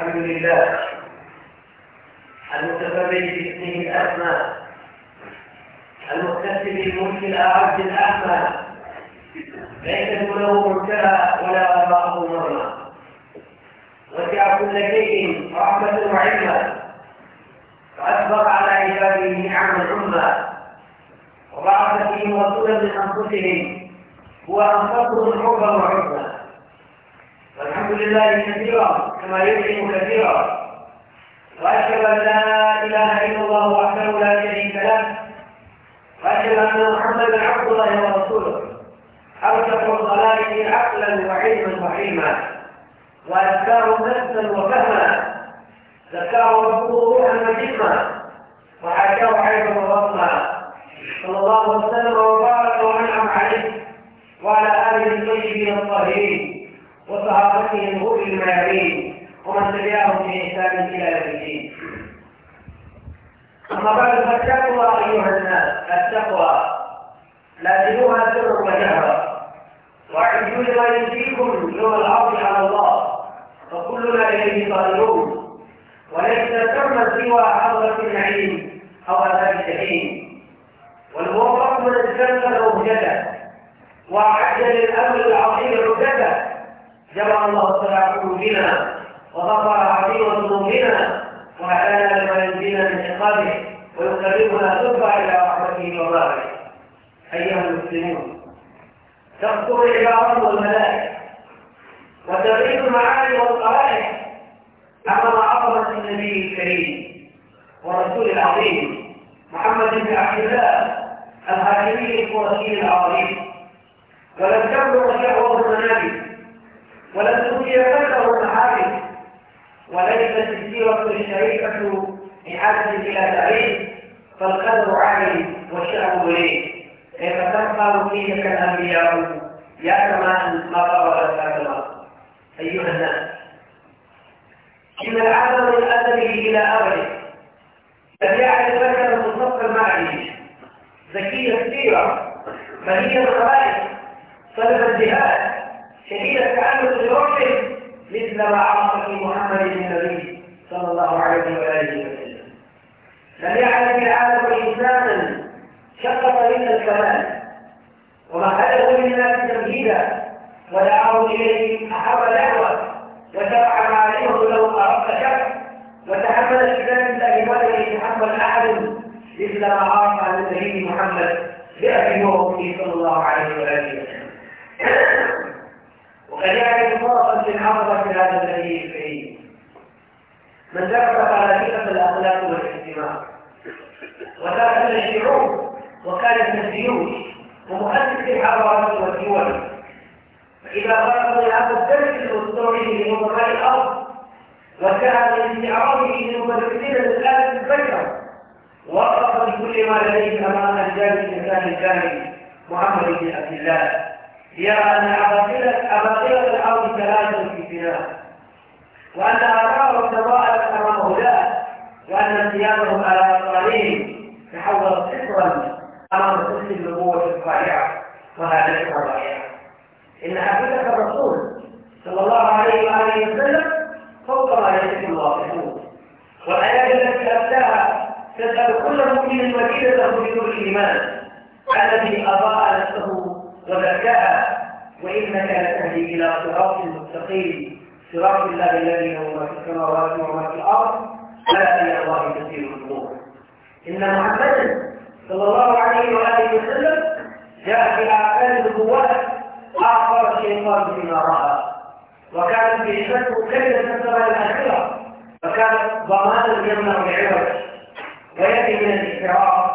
الحمد لله المتفرد باسمه الأسمى المكتسب الملك الأعز الاعمى ليس له منتهى ولا اباه مرمى وسع كل شيء رحمة وعلما وأسبق على عباده نعم العمى وبعث فيهم رسولا من أنفسهم هو أنفسهم حبا وعزما والحمد لله كثيرا كما يدعو كثيرا وأشهد أن لا إله إلا الله وحده لا شريك له وأشهد أن محمدا عبد الله ورسوله أرسل الخلائق عقلا وعلما وحلما وأذكاه نفسا وفهما ذكاه ربه روحا وجسما وحكاه حيث وفضلا صلى الله وسلم وبارك وانعم عليه وعلى آله الطيبين الطاهرين وصحابتهم غر المعلمين ومن تبعهم بإحسان إلى يوم الدين أما بعد فالتقوى أيها الناس التقوى لا لازموها سرا وجهرا واعدوا لما يجيكم يوم العرض على الله فكلنا إليه قادرون وليس ثم سوى حضرة النعيم أو عذاب الجحيم والموفق من الجنة موجدة وعجل الأمر العظيم عدته جمع الله صلاة قلوبنا وغفر عظيم ذنوبنا وأعلانا لما ينجينا من عقابه ويقربنا تبع إلى رحمته وبابه أيها المسلمون تخطر العبارة والملائكة وتغيير المعاني والقرائح أمام عظمة النبي الكريم والرسول العظيم محمد بن عبد الله الهاشمي القرشي العظيم ولم تبلغ شهوة المنابر ولن تبقي فكر المعارف وليست السيرة الشريفة إعادة إلى تعريف فالقدر عالي والشعب وليه كيف تنقل فيه كالأنبياء يا كما مطر الارض أيها الناس إن العالم الأدبي إلى ابد لم يعرف لك المصطفى المعرفي ذكية كثيرة فهي الخلائق صلب الجهاد كثير التعامل بربه مثل ما عرف في محمد النبي صلى الله عليه واله وسلم لم يعلم العالم انسانا شق طريق الكمال ومهده للناس تمهيدا ودعاه اليه احب دعوه وشرع عليه لو اردت شك وتحمل الكتاب الاجوال يتحمل احد مثل ما عرف عن النبي محمد بأبي وأمه صلى الله عليه وآله وسلم وكذلك فرصا للعرض في هذا الذي الكريم من درس قرابيطة الأخلاق والاجتماع وكان الشعوب وكانت الجيوش ومؤسس الحضارات والدول فإذا غرقوا هذا الدرس الأسطوري لمدراء الأرض وكان من استعراضه لمبرزين الآلة البشر وقف بكل ما لديه أمام الجانب الإنسان الجاهل محمد بن عبد الله يرى يعني أن أباطلة الأرض ثلاثة في بناء وأن آثارهم تضاءلت أمام هؤلاء وأن ثيابهم على قليل تحولت سترا أمام سلسلة النبوة الرائعة وهذا شعر رائعة إن حبيبك الرسول صلى الله عليه وآله وسلم فوق ما يجب الواقعون والآيات التي أتاها تسأل كل مؤمن وكيلته بنور الإيمان الذي أضاء نفسه وبعدها وإنك لتهدي إلى صراط مستقيم صراط الله الذي هو ما في السماوات وما في الأرض لا إلى الله تسير الأمور إن محمدا صلى الله عليه وآله وسلم جاء في أعقاب النبوات اخر الشيطان فيما رأى وكانت كلمته كلمة السماء الآخرة فكانت ضمانا يمنع العرج ويأتي من الاستعراض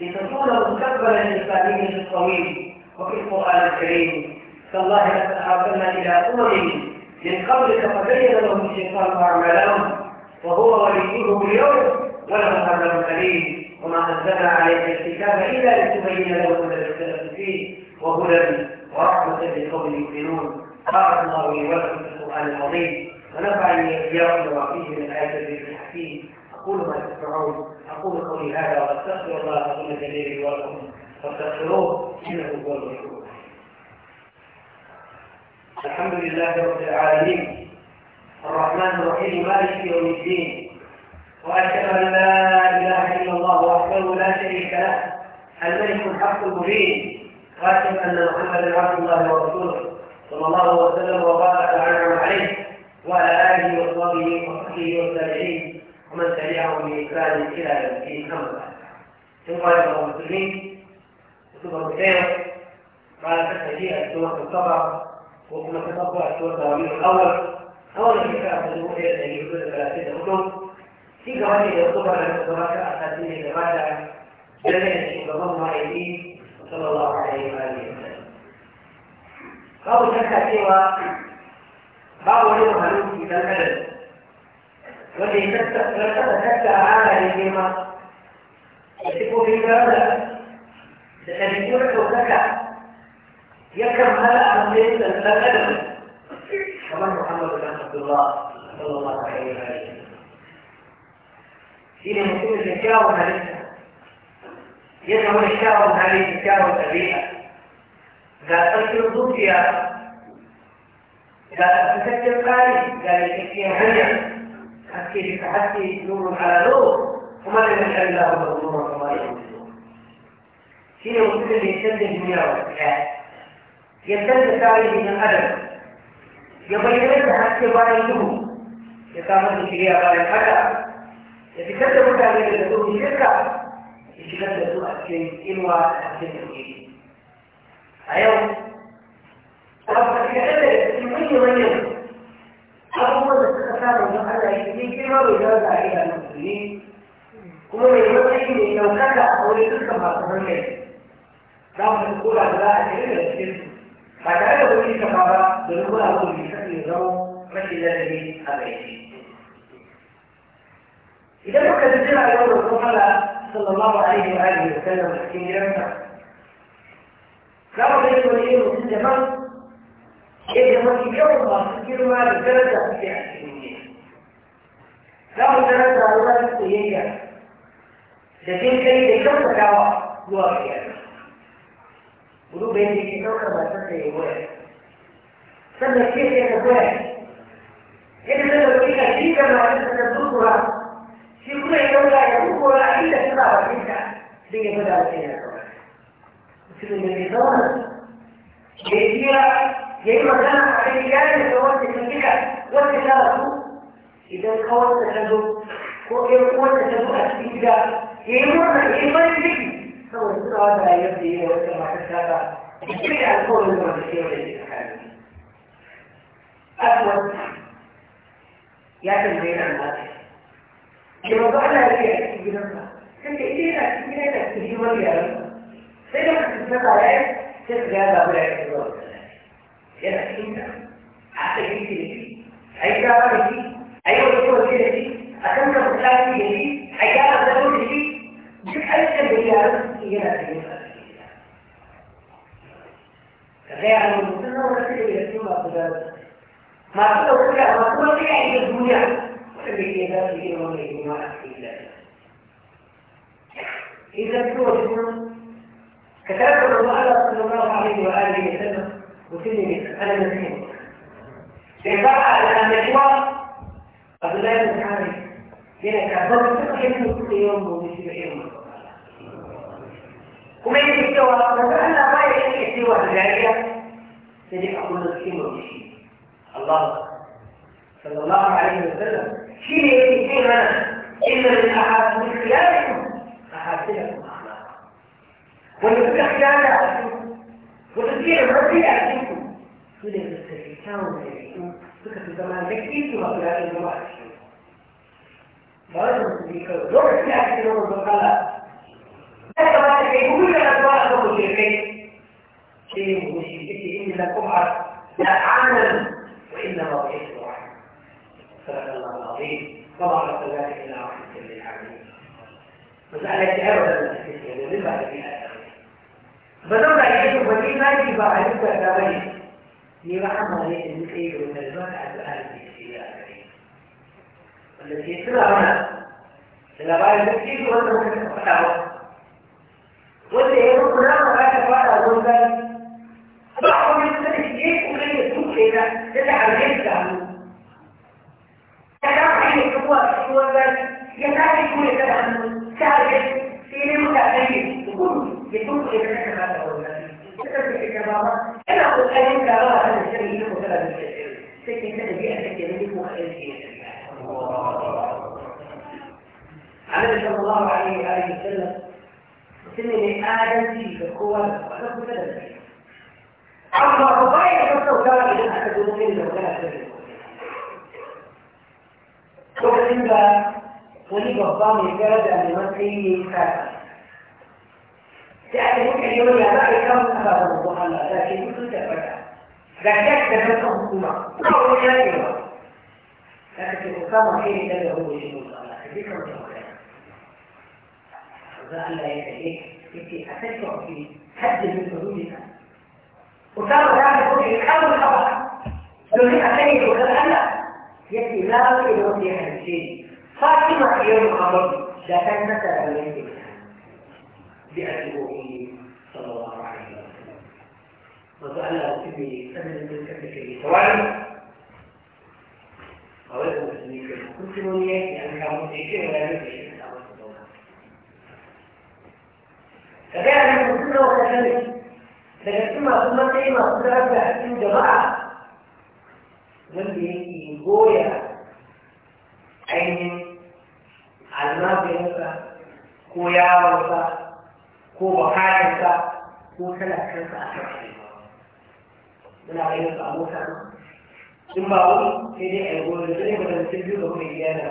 لتكون مستقبلا للتعليم الطويل وفي القرآن الكريم تالله لقد ارسلنا إلى أمم من قبلك فبين لهم الشيطان أعمالهم وهو وليهم اليوم ولهم عذاب أليم وما أنزلنا عليك الكتاب إلا لتبين لهم الذي اختلفوا فيه وهدى ورحمة لقوم يؤمنون بارك الله لي ولكم في القرآن العظيم ونفعني إياكم وما فيه من آيات الحكيم كل ما تسمعون اقول قولي هذا واستغفر الله كل جليل ولكم فاستغفروه انه هو الغفور الحمد لله رب العالمين الرحمن الرحيم مالك يوم الدين واشهد ان لا اله الا الله وحده لا شريك له الملك الحق المبين واشهد ان محمدا عبد الله ورسوله صلى الله وسلم وبارك على عليه وعلى اله وصحبه وصحبه وسلم ومن تبعهم بإحسان إلى يوم الدين أما بعد ثم أيها المسلمين كتب الخير قال تستجيء سورة الصبر وكما سورة السورة الأول أول أولا كتاب الجمهورية الذي يكون ثلاثين كتب في جوانب الخطبة لم تتراجع أساسية لماذا جميع تضم أيديه وصلى الله عليه وآله وسلم أو شك سوى بعض يوم هنوك إذا كان wanda ya tattara tattara halaye nema da sifofin rana da ɗabi'uwar ɗaukaka ya kammala a matsayin tsantsan adam kamar muhammadu bin abdullah sallallahu alaihi wa sallam shi ne mutumin da kyawun halitta ya zama kyawun hali da kyawun ɗabi'a ga tsarkin zuciya ga tsarkakken tsari ga rikakkiyar hanya حكي فحكي نور على نور وما لم يجعل الله له نورا فما له هنا وجود الانسان للدنيا والاخره يمتد سعيه من الالم يبين حتى بعده يقام الشريعه على الحدا يتكلم تعالى الذكور بشركه يشغل له اكل انواع اكل أيوه. الوجود اليوم ربك كذلك من يمنع الذي جاء يوم الرسول صلى الله عليه وآله وسلم في رمضان كما يقول إنه في الزمان إذا إيه ما في كوما في كلمة الدرجة في لو درجة على السيئة لكن كي تكون كوا واقعا ولو بيني كتوك ما تسيئ وين سنة كيف يتبعي إذا لو كيف كيف ما تسيئ في كل يوم لا يكون إلا في بعض الإنسان ليبدأ فيها مثل الميزان يجيها يجب أن عليه جانب وقت الملكة والتلاوة إذا القوات تشدوا والقوات تشدوا أشتيدا يجبون يجبون يجبون فهو يقول هذا يبدي وكما حسابا يجب أن يكون المرسية والذي أسود يعتمد بين الناس يوضعنا ليه أكيد بنفسها كنت إيه هنا أكيد هنا تكتبين ولي أرمى سيدة كنت على كيف جاء بقول لك الوقت يا أكيد حتى جيت لي أي كلام لي أي وقت لي أكمل كلام لي أي كلام ده لي مش أي كلام لي أرمى هنا تكتبين غير المسلمة ورسل إلى السنة ما تقول لك ما تقول لك يعني الدنيا بإيجابه وغيرهما إلا إذا توجدنا كتاب الرسول صلى الله عليه وآله وسلم وسلم أنا مسلم يقع على المحور قد لا يمكن لأنك أخبرت كيف كل يوم ومثل يوم وما يستوى فأنا ما يستوى الجاهلية تجد أقول لك كلمة الله أكبر صلى الله عليه وسلم شيء يمكن أنا إن من أحد من خلالكم أحاسبكم أخلاقا ونفتح خلال أحدكم وتصير الرب يعطيكم كل المسلمين كانوا يعيشون فكرة الزمان بكثير إيه في مقولات الجماعات لا يمكن أن يكون هناك أي شيء، لا يمكن أن يكون هناك أي شيء، لا يمكن أن يكون لا يمكن أن يكون صدق الله العظيم وبارك ذلك الى رحمه للعالمين مسألة أبدا تستسلم لما فيها بدون أن ولي ما يجب عليك أبدا لرحمة للمسيح والمسيح الآن في التي يسمع هنا الأبعاد المسيح والمسيح والمسيح wanda ya yi kuna ma ba ta fara gungan ba a wani sanin ne kuma ya tuke ta ta ta harbe ta hannu يعرف ايه هو هو يتعرف يكون يتعلم تعرف في متعلم يكون يكون يتعلم هذا هو تكتب الكلام انا اقول ان كان هذا الشيء له ثلاث شيء سكن كده بيئه تكلمك وخير شيء عليه صلى الله عليه واله وسلم سنه ادم في القوه وقد أقول أما الرباعي فسوف كان إذا أحد المؤمنين وكان أحد المؤمنين lokacin da wani babba mai gara da mai matsayi ne ya kasa sai aka yi kai yau ya za a yi kawo na ba da Allah da ke mutum da fata ga shi da kan hukuma ba wani ya ce ba da ka ce ko kama kai ne daga wani shi mutum Allah ka je kan mutum kai za Allah ya kai ya ce a kai kawo kai haddin da rubuta ko kama da ka ko kai kawo na ba domin a kai ko kan Allah يكفي لا يدعو في حديثين فاطمة يوم الخبر لا كان مثلا من بأسبوعه صلى الله عليه وسلم وسأله ابني أمن من كبك لي سواء أولكم مسلمين كنت مني يعني كان مدركين ولا يدرك فكان من كل وقت فلسطين ثم ثم تيمة ثم ربها في جماعة wanda yake goya ainihin almabirinsa ko yawonsa ko bakarinsa ko talakarsa a kan muna bayan su abokan in ba wani sai dai a yi goyon da ne mutum biyu ga kuma iya da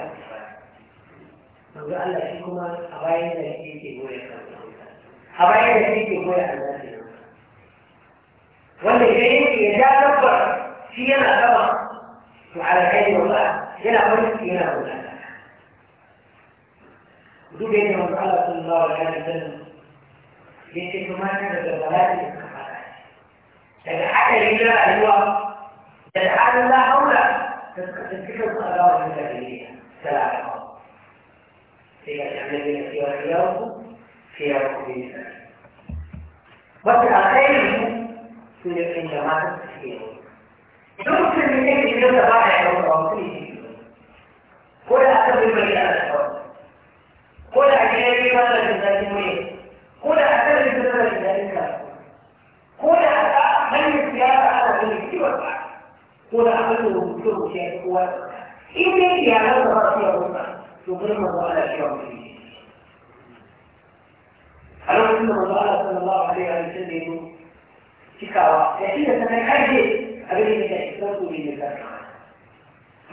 manzo Allah shi kuma a bayan da shi yake goya a bayan da shi yake goya a wanda shi yake ya tabbar shi yana gaba وعلى العين والرأس هنا قلت هنا قلت وجود أن الله صلى الله عليه وسلم لتكمل الضلالات والكفرات الحاجة إلى أيوة الحاجة لا حول تذكر الأدوار المتكلمة سلام فيها تعمل فيها خياركم فيها ركوبين بس الأخير في الجماعة التسليم يمكن ان يجي كده بقى يا متوسطين ولا اكمل بقى ولا اجي ولا تنتهي ولا اكمل بقى ذلك ولا من السيارة على كل ولا اعمله كل شيء هو إن يعمل راسي أبونا يقيم على الشيء أنا أقول الله صلى الله عليه وسلم كتابة لكن أنا أبدا يتأثروا من الفرق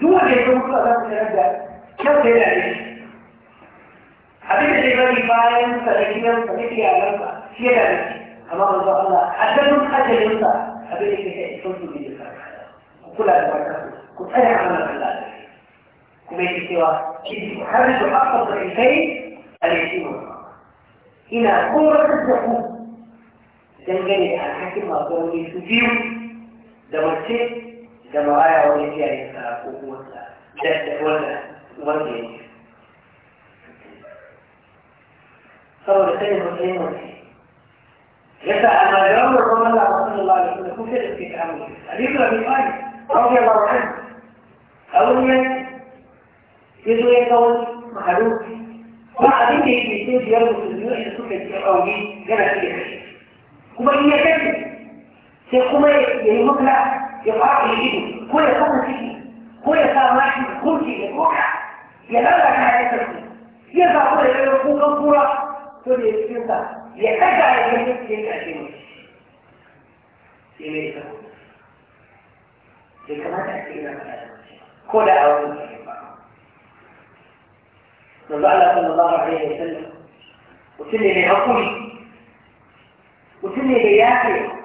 هو اللي يقول هذا الكلام ده كم كده عليه حبيبي الإمام فاين فلكيما فلكي أعلم كده عليه أمام الله أدلهم أجل ينصح أبدا يتأثروا من الفرق وكل هذا ما كنت أنا عمل الله كمية سوى حرص حق الضعيفين اليتيم إلى قوة الزحوم dangane da alhakin masu rauni su biyu da mace da baya wani iyayensa ko kuma da wanda wanda ya ce saboda sai muhimmanci yasa amma da wannan kuma Allah sallallahu alaihi wasallam kun sai da ke kamu Ali ibn Abi Talib radiyallahu anhu a wannan yazo ya kawo mahaluki ba abin da yake cikin biyar musulmi da suka ji aure yana cikin kuma in ya kace sai kuma ya yi mutla ya fara faɗi ido ko ya kafa ciki ko ya sa mashi kurki ya koka ya lalata ya karfi shi ya zaɓi ya yayin kukan kura to ne ya cikin sa ya ɗaga ya kai yake ya ƙarshe mai sai mai ita bai kamata a ce ina faɗa ko da a wani ke ba manzo Allah sallallahu alaihi wa sallam mutum ne mai hakuri mutum ne mai yafe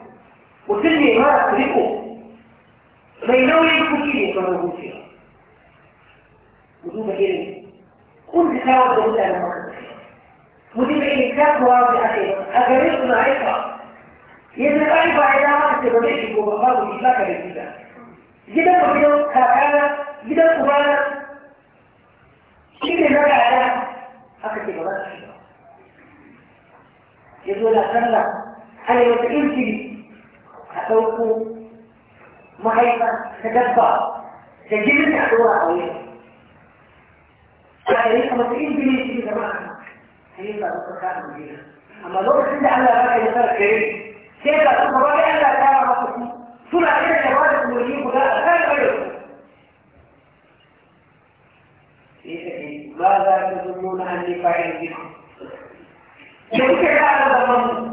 قلت لي ما أدركه فإنه يكون كيلو كما هو فيها وجود كيلو كل تساوى بقول أنا ما ودي بإنكاك واضح أخير أجريت معرفة يجب أعرف علامة التبريد وبقاء الإطلاق بالإطلاق جدا مبيو كاكانا جدا كبانا كيف يبقى على ما التبريد يقول أخذ الله أنا يتقيم a ɗauko mahaifa ta dabba da jirgin a ɗora a wuya a yi kamar ta injini shi da ma'a a yi ba su kama jira amma lokacin da Allah ya kai nasar kare sai ka su kaba da Allah ya kama maka su suna iya shawa da kumurki guda a kan kare su ماذا تظنون أني فاعل بكم؟ يمكن هذا الظن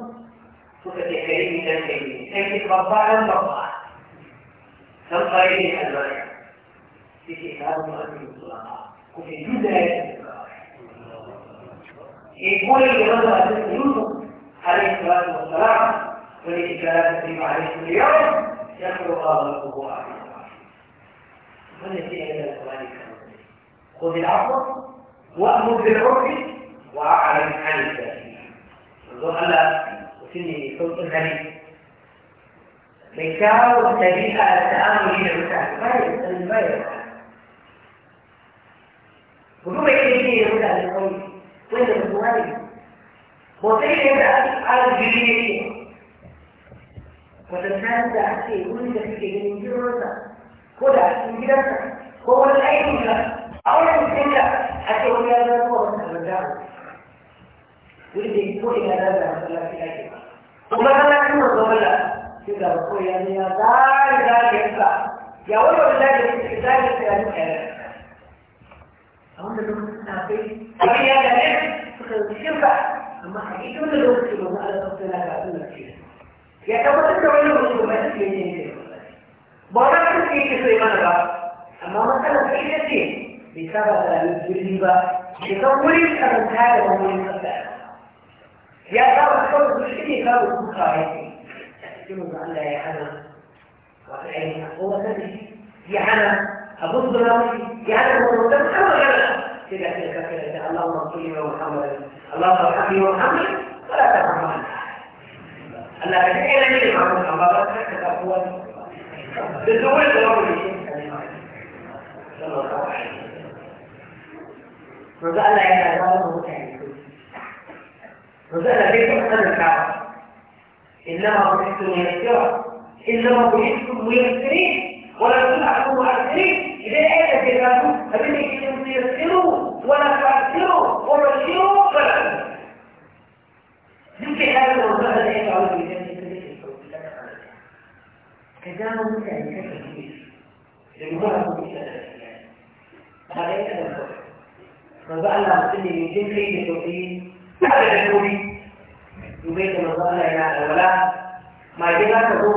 متكفلين بالتنفيذ كيف يتوضا لم يرضى كم قليل المانع في كتاب مؤمن الطلقاء وفي جزء يقول لماذا يوسف عليه الصلاه والسلام ولكن كلام النبي اليوم يخلق الله عليه من يأتي إلى القرآن خذ العفو وأمر بالعرف وأعلم عن الجاهلين انظر في صوت الغني بيشاو الطريقة التآمل للمتعة ما يسأل ما يسأل وهو يكفي يرجع للقول وين الغني وطيب يبقى على الجليل وتتنازع عشي كل ده فيه جنين جرسة كل عشي جرسة هو الأيضا أولا مسلمة حتى ولا لا هو مسلمة وإذا يقول إلى هذا مثلا في الأجل kuma kana kuma zamala sai da ko ya ne ya zai zai ya ka ya wani wallahi da ke zai ya ka ne a wanda lokacin na kai abin ya da ne suka shirka amma a cikin da lokaci ba mu Allah ta na ga Allah ce ya tabbatar da wani lokaci ba shi ne ne ba na kuma ke so mana ba amma matsalar kai ce bai saba da jirgi ba bai san wurin karanta da wani wurin karanta يا باب الصوت مش كده باب البخاري يقول الله يا حنا وفي إيه؟ هو سنتي يا حنا أبو الظلام يا حنا هو المدام أنا ولا كده كده كده اللهم صل ومحمد اللهم ارحمني وارحمني ولا ترحمني الله كده أنا اللي معمول الله كده هو بالدول الغربية صلى الله عليه وسلم فقال لا إله إلا الله وزال بكم أنا الكعبة إنما بحث ميسرة إنما بحث ميسرين ولا تلعبوا مؤثرين إذا أين تفعلوا فبنك أن تيسروا ولا تعسروا وبشروا فلا يمكن هذا الموضوع الذي يفعل بجانب كذا ممتع لمجرد مثال هذا يتدخل فبقى الله يقول لي يمكن كيف توحيد haka da nuri dubai da mazu Allah yana alwala mage za ka zo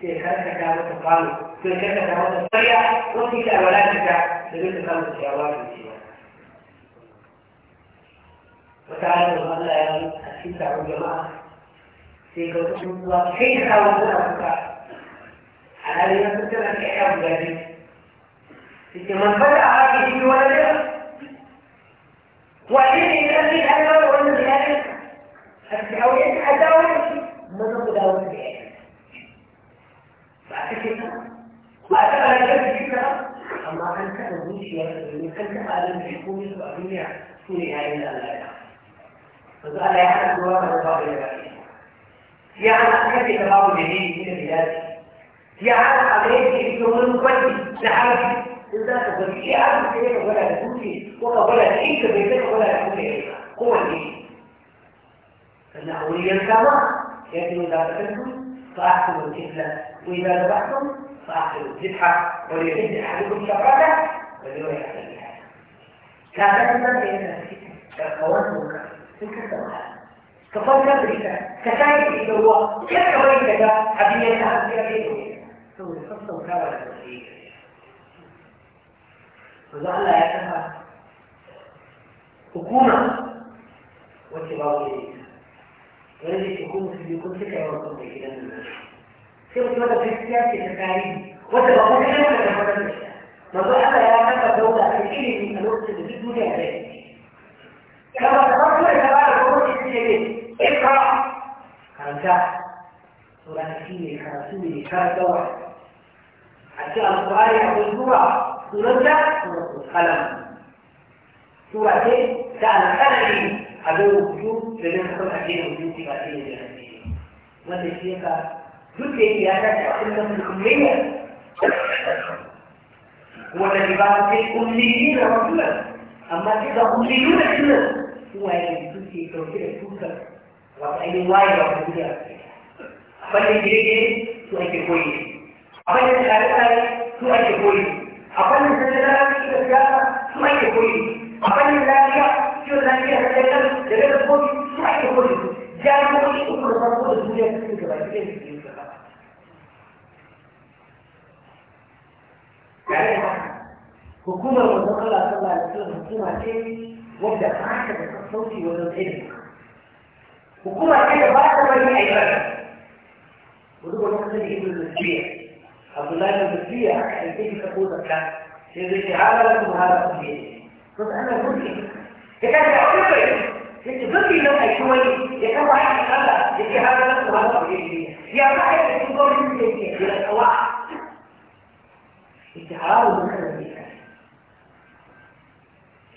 sai karkata mata kwano sai karkata mata kwarya wasu ita alwala ta ta da zai ta samu ciyawa da ciyawa wata hanyar Allah ya yi a cikin taron jama'a sai ga wasu ruwa kai kawo suna kuka a halin yasu tana kai ya guda biyu suke man kawai a haka shi wani ne wani ne ya zai ɗan kawai بذلك الزاوية أداوي من بداوي بذلك فأكتنا وأتى على ذلك جدا أما أنت نبوش يرسلني كنت أعلم بحكومي وأبنية سوري هاي الألاية فقال يا حد الله من باب الجبالي يا أنا أكتب باب الجديد من بلادي يا أنا أبنيتي بكم من قلبي لحالي إذا تقول لي أعلم كيف ولا تقولي ولا تقولي كيف ولا تقولي هو الإيه أنه أولي الكعبة يجب إذا قتلتم فأحكم الكفلة وإذا ذبحتم فأحكم الذبحة وليحد أحدكم شفاعته وليريح بها كافة بين كقوانتك تلك السماء كفضل أمريكا كتائب إلى الله كيف رأيك حبيبي أهل بيته ثم يخصم كابل المسيح الله يتفع حكومة ولذلك يكون في يكون فكرة مرتبطة كده من المشروع سيبك بقى في السياسة التعليم وتبقى كده ولا في كده ما هو أنا يا أنا بدور في إيه من الوقت اللي بيجي لي عليه كما تفضل إذا بقى الوقت اللي اقرأ خرجت سورة كثير خرسولي خرجوا حتى القرآن يقول سورة سورة سورة القلم سورة سورة القلم ada rubutu da zai kasar addinin musulunci ba sai da addini wanda shi ya ka duk da yake ya tashi a kullum da kullum wanda ba amma sai ga kullum da sunan kuma ya yi duk ke ɗauke da tutar wata ainihin waye ba ku da abin da daidai su ake koyi abin da tsare-tsare su ake koyi abin da tsare-tsare su ake koyi الله صلى الله عليه وسلم حكومة تاني وابدأ تعاشر صوتي وتنقلك حكومة تاني بعد ما هي أيضا ودول مثلا ابن المسيح عبد الله بن المسيح الكيف تقول لك سيدي تعالى لكم هذا الشيء قلت أنا مسلم فكان يقول لي انت ذكي لو ايشوي يا كم واحد يتخلى يجي هذا لكم هذا الشيء يا صاحب الكبار انت يا الله انت حرام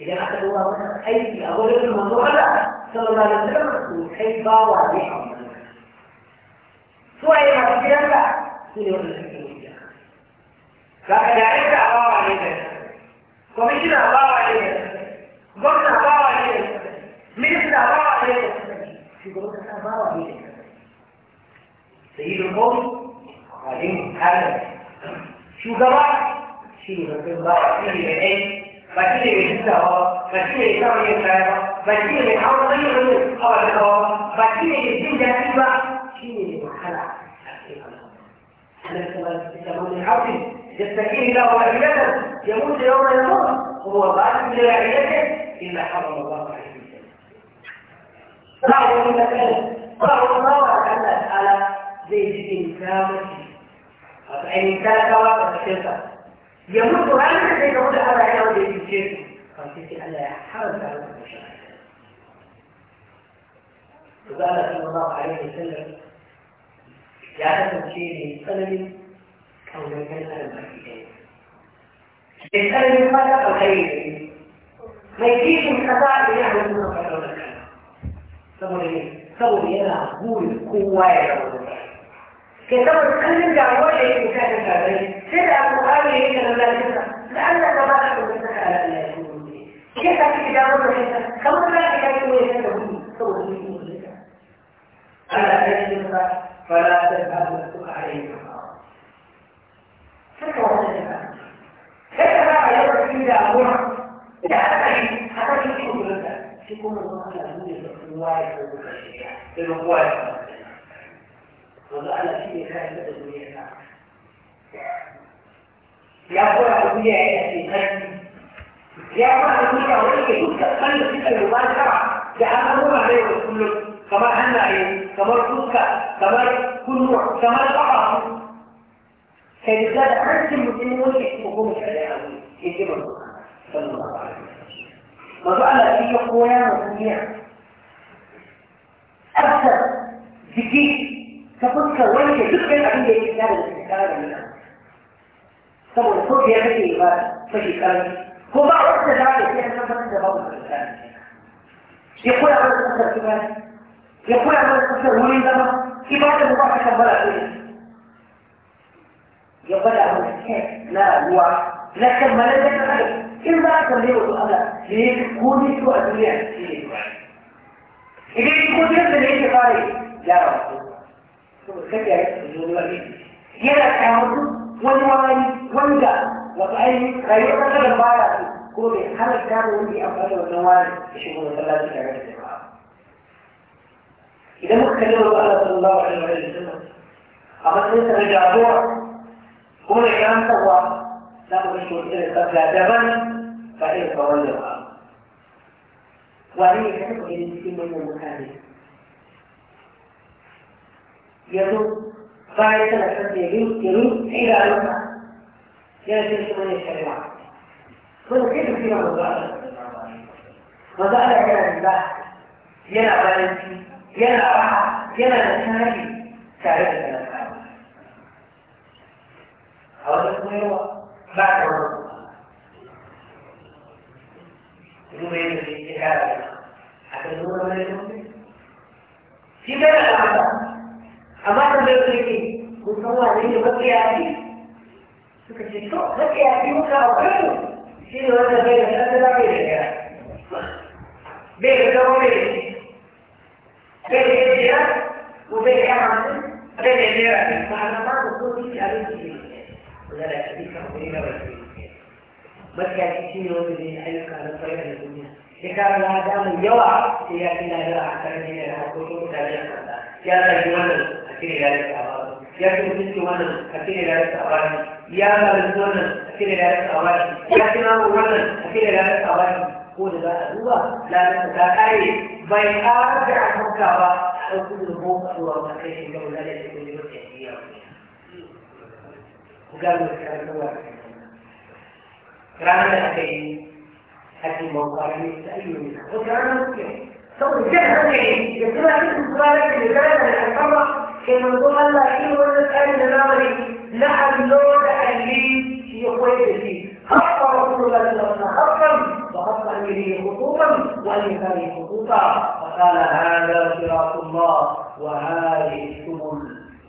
إذا أخذ الله مثلا حيث أقول لك الموضوع هذا صلى الله عليه وسلم حيث باوى به سواء ما في جنبه سوري ولا في فكذا عند الله عليه كوميشن الله عليه قلنا الله عليه مثل الله عليه في قلنا الله عليه سيد القوم عليهم هذا شو قبل شو قبل الله عليه مكين يجيسها مكين يجيسها يجيسها مكين يحاول غير غير قبل الهواء مكين يجيسين جانبا شيء محلع من حوله يستكين له عبادته يموت يوم يموت هو ظالم لعبادته الا حرم الله عليه بعض المسألة بعض الله على المسألة زي الإنسان والشرك فإن كان كواكب الشرك يموت هذا زي يموت هذا هنا وده يجيب قلت ألا يحرص على المشاهدة فقال صلى الله عليه وسلم لا شيء لسلم أو لم يسلم أكيدين ماذا أو خير ما يجيش من خطأ اللي من خطأ saboda saboda yana burin kowa ya rabu da kai saboda kallon damuwa تلعب مقابل هنا مباشرة لأنك تباشر بسك على الله يكون كيف تجاوز الحسن كم لا تكاد يكون يكون على تجربة فلا تذهب نفسك عليه فكرة كيف بقى يدرك إلى أمور لأنني حتى يكون لك تكون الله له في الواقع في الواقع وضعنا فيه هذه الدنيا يقول أقول يا عينة في يقول أقول يا عينة تبقى تخلي تلك الرمان سبعة جعلهم عليه كله كما هنا إيه كما تبقى كما كله كما طبعا فإذا أنت المسلمون يكتبون في عليها يجب أن صلى الله عليه وسلم مسألة في قوية مسلمية أكثر ذكي تبقى وجه ذكر عند الإسلام الاستقامة saboda ko da ya kake ba kashi karami ko ba wanda za ka iya tabbatar da babu karami ya koya mana tsakar kimani ya koya mana tsakar wurin zama ibada mu ba ta kabbala ko ya bada mu na ruwa na kammalar da ta kai in za ka kalle wasu Allah da ya fi komai su a duniya shi ne idan ki kodiyar da ne ya fara yi yara wasu to kake ya yi su zuwa ne yana kawo wani wani wanda wasu ainihin rayuwar ƙasar da baya su ko bai halatta da wani amfani da wannan wani da shi kuma masallaci tare da jama'a idan muka kalli wa Allah sallallahu alaihi wa sallam a matsayin sa da jagora kuma da karantarwa za mu shi wani irin tsafta daban ba irin kawai da ba wani ne ka taɓa ganin cikin manyan mutane yanzu بعد كده الشمس يجوز يجوز إلى أن يأتي ثمانية شريعة كل كيف فيما مضاء مضاء كان البحث يلا بلنتي يلا راحة يلا نتاجي تعرف الأفعال أولا هو بعد عمر يوم يجب الاتحاد حتى نور ما يجب في بلد العمر amma kan zai ce ne kun san wane ne matsiyaci suka ce to matsiyaci muka akwai shi ne wanda bai da ɗan da bai da gara bai da zama bai da shi bai da jira ko bai da yamma bai da jira ba a zama da so shi a lokaci ne ko da shi ne kan wani na wani matsiyaci shi ne wanda zai ayyuka na farka da duniya ya kawo lada mai yawa sai ya fi lada a kan jina da hakokin mutane a kanta ya zai wannan أكيد ذلك أعراضي يا كنت وانا أكيد ذلك أعراضي يا مالك وانا أكيد ذلك أعراضي يا كنار وانا أكيد ذلك أعراضي قول لا أدوى لا نتذاكري بين أرجع المكابة أو كل الموقع هو مكيش لو لا يكون يمكن وقالوا الكلام هو كلام الأخير هذه موقع يستأيون وكلام ممكن سوف جهة يجب أن تكون ذلك لذلك الأمر ke manzo Allah shi ne wannan tsarin da zamani na allo da رسول الله صلى الله عليه وسلم haka rasulullahi sallallahu alaihi wasallam وحق أمره خطوطا ولكان خطوطا فقال هذا صراط الله وهذه السبل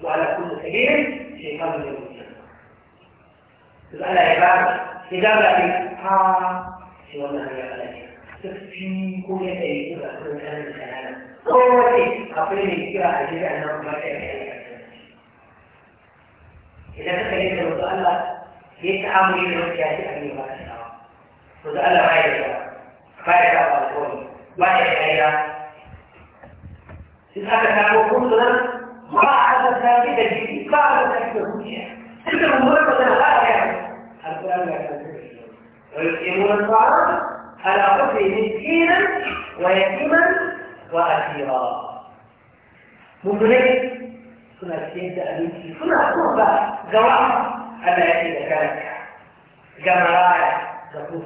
وعلى كل سبيل شيطان يوم سؤال عباد إذا بقيت ها سوى ما هي بلدي تكفي كل شيء تبقى كل كلام قوتي أقلني كثيرا أجيب أنه ما إذا تخيلت لو سأل يتعامل إلى وجهة أمي ما تسعى وسأل غير غير الأطول غير غير إذا كانوا كلنا ما عدنا كده جديد ما عدنا كده جديد كده مجرد ما نغير القرآن لا يكذب ويقيمون الطعام على قدر مسكينا ويتيما وأخيرا منذ ليه سنة سيدة أميكي سنة قربة زوامة أما يأتي ذلك جمرايا تقول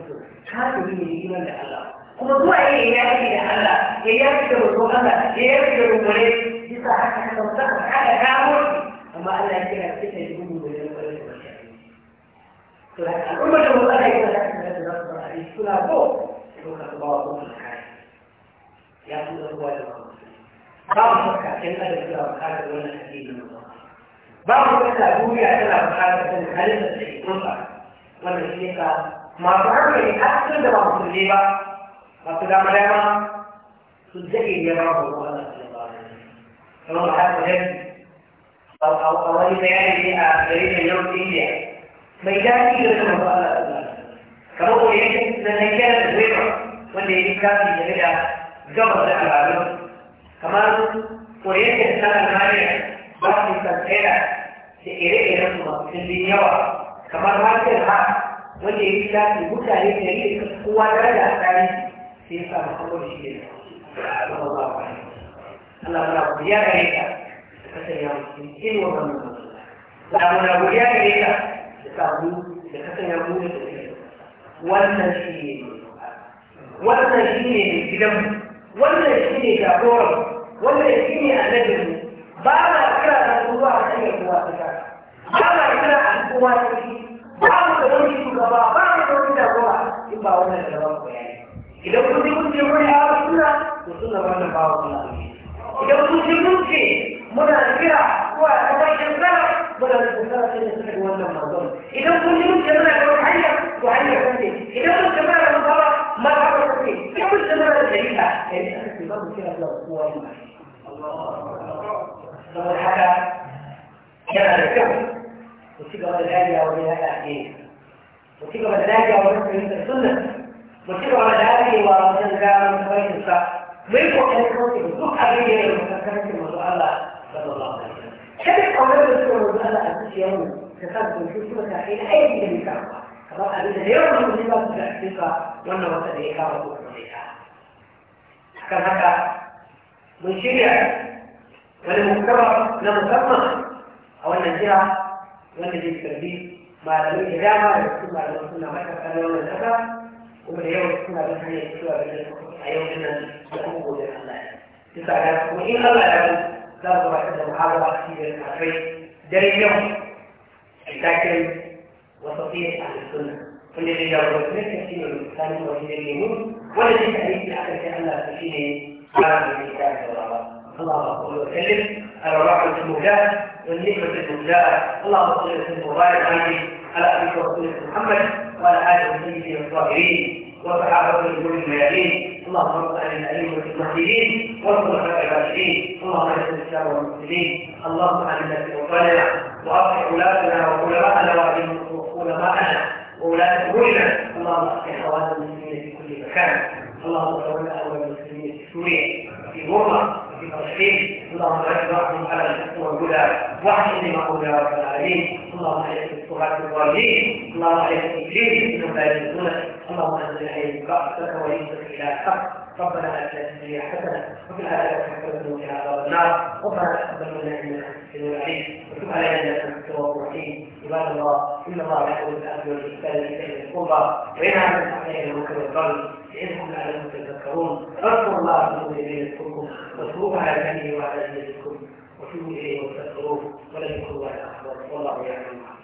كانوا من يجينا لألا قمضوا إيه يأتي لألا يأتي لرسو أما يأتي لرسو ليه يصح حتى تنصر حتى كامل أما ألا يأتينا كتنا يجبون من يجينا لألا الأمة المتحدة لا تستطيع أن تنصر عليه سنة قربة يقول لك الله قربة ya fi da kowa da kowa ba mu saka ƴan adam suna bukatar wannan addini na ba ba mu saka duniya tana bukatar kan halin da take kunsa wannan shi ne ka masu hankali har da ba musulmi ba masu dama dama su zage ne ba mu kowa da kowa kamar ba haka da أو أولي بيان جريدة اليوم الإنجليزية ميدان إلى ثم قال كما هو يجب أن يكون الوضع والذي كان في جريدة gabas da al'adun kamar koyar da sanar mariya ba su tsantsera da ire-iren masu ɗin yawa kamar hankali ha wanda ya yi shafi mutane da yi kowa da da tsari sai ya samu kawai shi ne Allah ba ba Allah muna godiya gare ka da kasar ya mutum in wa ban mutum Allah muna ya gare ka da samu da kasar ya mutum wannan shi ne wannan shi ne gidan wannan shi ne jagoran wannan shi ne annabin ba na kira da kowa a hanyar kowa ta kasa ba na kira al'umma ta shi ba mu da wani shugaba ba mu da wani jagora in ba wannan da ba ku yayi idan kun ji kun ce mun ya wa suna to suna wannan ba wa suna idan kun ji kun ce muna kira zuwa ta bakin sana muna da kusa sai da suka wannan manzon idan kun ji kun ce muna da wani hanya to hanya kan ne idan kun ce muna da wani bawa mazhabar اوكي كل الامراض الجديده يعني احنا بنضرب كده لو هو لو الحاجه كان الكبر وثيقه بدنيه ولهذا ايه وثيقه بدنيه ولهذا السنه وثيقه بدنيه ولهذا كويس الصح ويقول ان كنت بتروح عليه وكانت الموضوع الله صلى الله عليه وسلم كانت قولات الرسول صلى الله عليه وسلم تقدم في سوره الحين اي من الكعبه فبقى بيتهيئ من الثقه والنواة الإيقاع ita akan haka mun shirya wani musamman na musamman a wannan jira wanda zai karbi malamai da dama da su malamai suna matasa na wannan kasa kuma da yawan suna bin hanyar cewa a yau dinnan da kuma gobe Allah ya yi. bisa ga kuma in Allah ya yi za su ba da muhabba a cikin kafai dare yau a takin wasu fiye a cikin sunna والذي لا يملك فيه الانسان وهي اليمين والذي تعيش الاخر كان فيه كان الكتاب الله صل وسلم على رحمة المولى والنعمة المولى اللهم صل وسلم وبارك عليه على أبيك ورسولك محمد وعلى آله وصحبه الطاهرين وصحابة الجمهور الميامين اللهم رب على الأئمة المهديين والخلفاء الراشدين اللهم اجعل الإسلام والمسلمين اللهم أعنا في أوطاننا وأصلح ولاتنا وعلماءنا وعلماءنا وولاة أمورنا اللهم أصلح أحوال المسلمين في كل مكان اللهم تولى أحوال المسلمين في سوريا في غرة في فلسطين اللهم اجبرهم على الحق والهدى واحسن لما يا رب العالمين اللهم عليك بالصلاة الوالدين اللهم عليك بالإبليس إنهم لا يجوزونك اللهم أنزل عليهم بأسك وليسك إلى الحق ربنا اتنا في حسنه وفي العاده حسنه وفي عذاب النار ربنا تقبل منا انك انت العليم وتب علينا انك انت التواب الرحيم عباد الله ان الله يامر بالعدل في لاهل القربى وينهى عن الفحشاء المكر والبغي يعظكم لعلكم تذكرون فاذكروا الله في قلوبكم يذكركم واذكروه على يمينه وعلى يمينكم وتوبوا اليه واستغفروه ولذكر الله اكبر والله يعلم ما